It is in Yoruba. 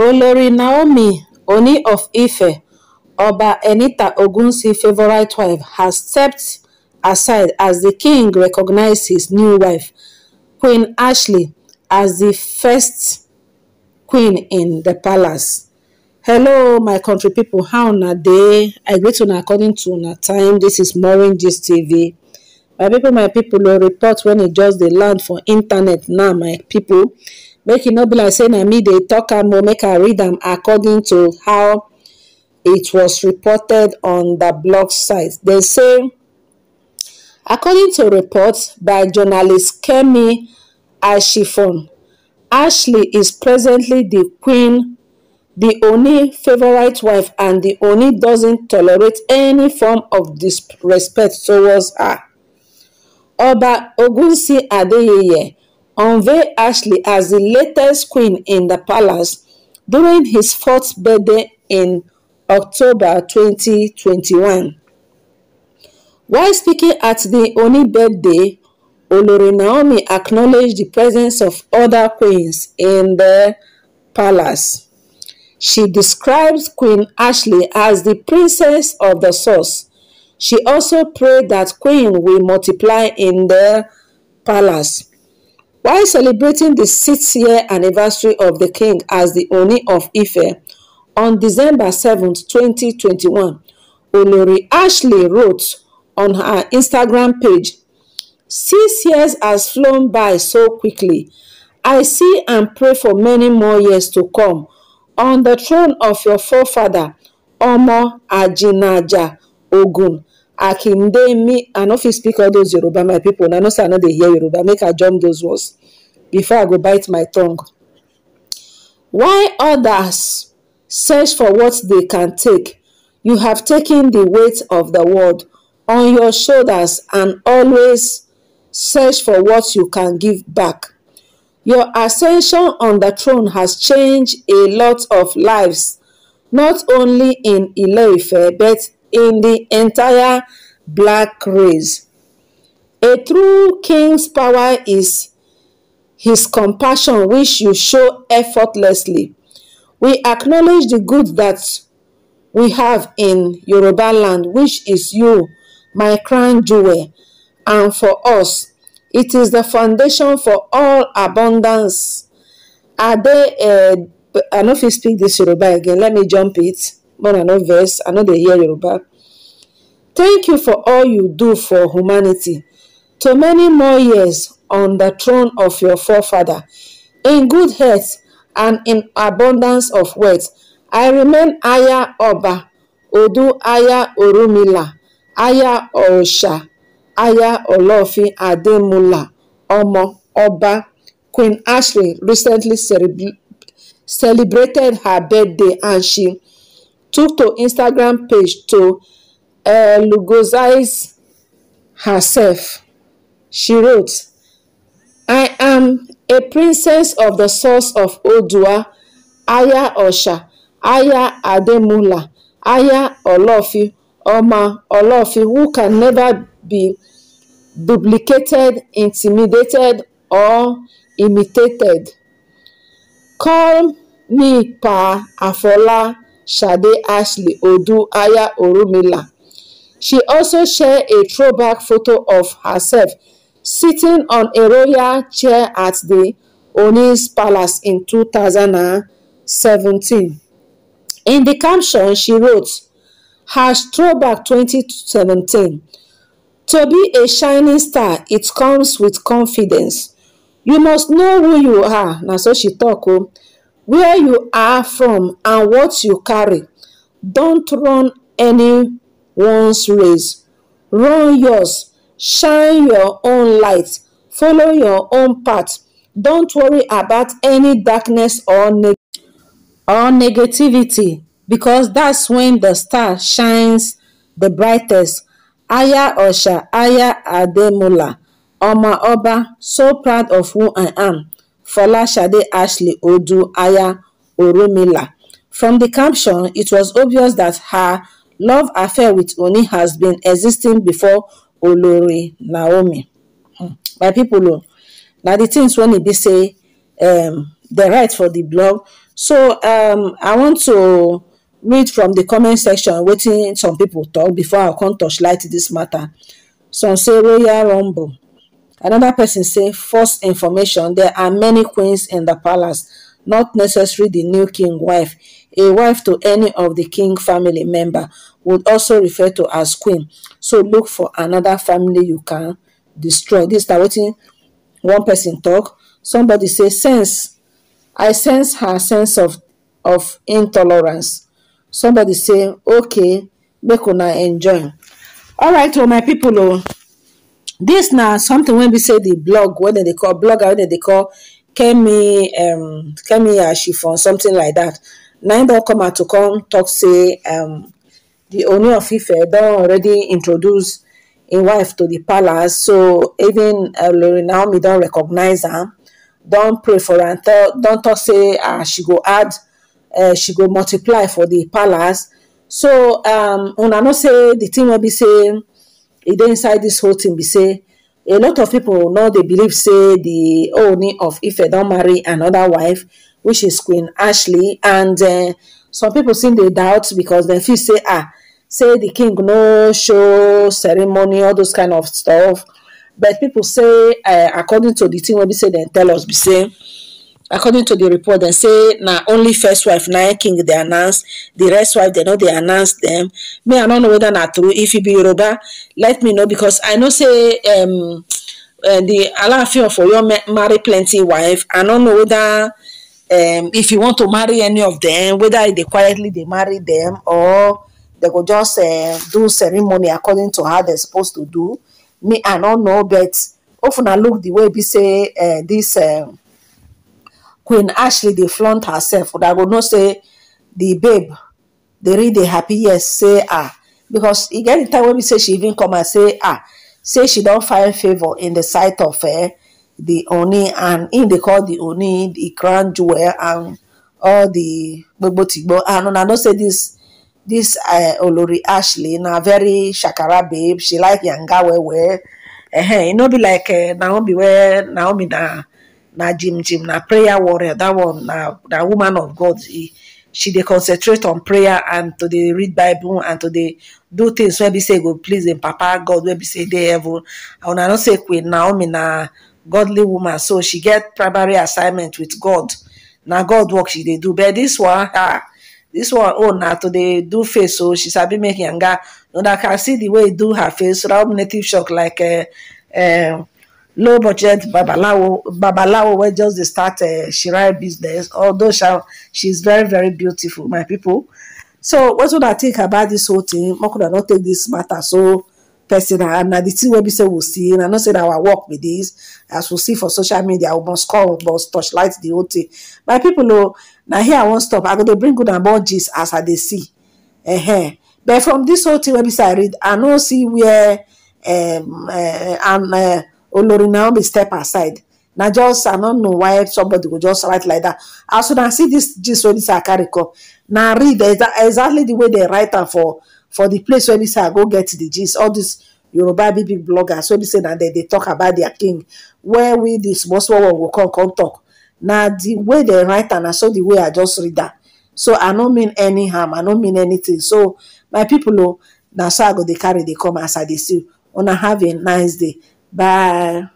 olórí naomi ooni of ife ọba enita ogunsi favourite wife has stepped aside as the king recognizes his new wife queen ashley as the first queen in the palace. hello my country people. how una dey i greet una according to una time this is Morning gist tv my people, my people. o report wen e just dey land for internet now my people make e no be like say na me dey talk am or make i read am according to how it was reported on the blog site dem say according to reports by journalist kemi ashifon ashley is presently the queen the only favorite wife and the only doesn't tolerate any form of disrespect towards her. Oba Ogunsi Adeyeye unveiled Ashley as the latest queen in the palace during his fourth birthday in October 2021. While speaking at the only birthday, Olori Naomi acknowledged the presence of other queens in the palace. She describes Queen Ashley as the princess of the source. She also prayed that Queen will multiply in the palace. While celebrating the sixth-year anniversary of the king as the Oni of Ife, on December 7, 2021, Olori Ashley wrote on her Instagram page, Six years has flown by so quickly. I see and pray for many more years to come. On the throne of your forefather, Omo Ajinaja Ogun, akindemi i no you speak all those yoruba my people. I know say i know they hear yoruba make i jump those words before i go bite my tongue why others search for what they can take you have taken the weight of the world on your shoulders and always search for what you can give back your ascension on the throne has changed a lot of lives not only in Ileife but in the entire black race. A true king's power is his compassion, which you show effortlessly. We acknowledge the good that we have in Yoruba land, which is you, my crown jewel, and for us. It is the foundation for all abundance. Are they, uh, I don't know if you speak this Yoruba again, let me jump it. man i no vex i no dey hear yoruba thank you for all you do for humanity to many more years on the throne of your forefather in good health and in abundance of wealth i remain aya oba odu aya orumila aya osha aya olofin ademula Omo Oba queen ashley recently celebrated her birthday and she took to Instagram page to uh, lugosize herself. She wrote, I am a princess of the source of Odua, Aya Osha, Aya Ademula, Aya Olofi, Oma Olofi, who can never be duplicated, intimidated, or imitated. Call me Pa Afola Shade Ashley Odùduwa Orumila. She also shared a throwback photo of herself sitting on a royal chair at the Oni's Palace in 2017. In the caption, she wrote, #throwback 2017 To be a shining star, it comes with confidence. You must know who you are. Now, so she talk Oh where you are from and what you carry. Don't run anyone's race. Run yours. Shine your own light. Follow your own path. Don't worry about any darkness or, neg or negativity because that's when the star shines the brightest. Aya Osha, Aya Ademola, Oma Oba, so proud of who I am. Fọláṣadé Ashley Odù-aya Orunmila. From the caption, it was obvious that her love affair with Oni has been existing before Olori Naomi. Hmm, my people now the things when it e be say um, dem write for the blog. So um, I want to read from the comment section waiting some people talk before I come light this matter. Some say royal rumble. Another person say false information. There are many queens in the palace, not necessarily the new king wife. A wife to any of the king family member would also refer to as queen. So look for another family you can destroy. This is wetin one person talk. Somebody say sense. I sense her sense of of intolerance. Somebody say okay, make una enjoy. All right, all oh, my people oh. This na something wey be say the blog wey dem dey call blogger wey dem dey call kemi um kemi ashifon something like that. na im don come out to come talk say um the Ooni of Ife don already introduce im wife to the palace so even uh, Olori Naomi don recognize am don pray for am don talk say uh, she go add uh, she go multiply for the palace so um una know say the thing wey be say e dey inside this whole thing be say a lot of people no dey believe say the Ooni of Ife don marry another wife which is Queen Ashley and eh, some people still dey doubt because dem feel say ah say the king no show ceremony all those kind of stuff but people say eh, according to the thing wey be say dem tell us be say according to the report and say now only first wife na king they announce the rest wife they know they announce them. me i don't know whether not true if you be yoruba let me know because i know say um, uh, eh, di alaafin of marry plenty wife i don't know whether um, if you want to marry any of them, whether they quietly they marry them or they go just uh, do ceremony according to how they're supposed to do me i don't know but often I look the way be say uh, queen ashley dey flaunt herself but i will not say the babe They read the happy yes say ah because again the time when we say she even come and say ah say she don't find favour in the sight of her eh, the oni and in the call the oni the crown jewel and all the gbogbotigbo and do not say this. dis eh, olori ashley now very shakara babe she like yanga well well eh eh e no be like eh, naomi where naomi na na jim jim na prayer warrior that one na woman of god she they concentrate on prayer and to dey read bible and to dey do things where be say go please im papa god where be say they evil. and una know say queen naomi na godly woman so she get primary assignment with god na god work she dey do but this one her one oh one own na to dey do face so oh, she sabi make And I can see the way do her face round native shock like uh, uh, low budget babalawo babalawo we just dey start a uh, shirai business although she, she's very very beautiful my people so what should I think about this whole thing I could not take this matter so personal and na the thing will be say we see and i know said I will work with this as we see for social media we must call we must torchlight the whole thing my people know, oh, now here i won't stop i go to bring good and bad gist as i see uh -huh. but from this whole thing i read i no see where um, uh, and uh, olori na be step aside na just i no know why somebody go just write like that as una see this gist wey i carry come na read exactly the way dem write am for for the place wey i go get the gist all dis yoruba big big bloggers wey be say na dem dey talk about their king where we di small small one go come come talk na the way dem write am na so the way i just read am so i no mean any harm i no mean anything so my people, o oh, na so i go dey carry dey come as i dey see una have a nice day Bye.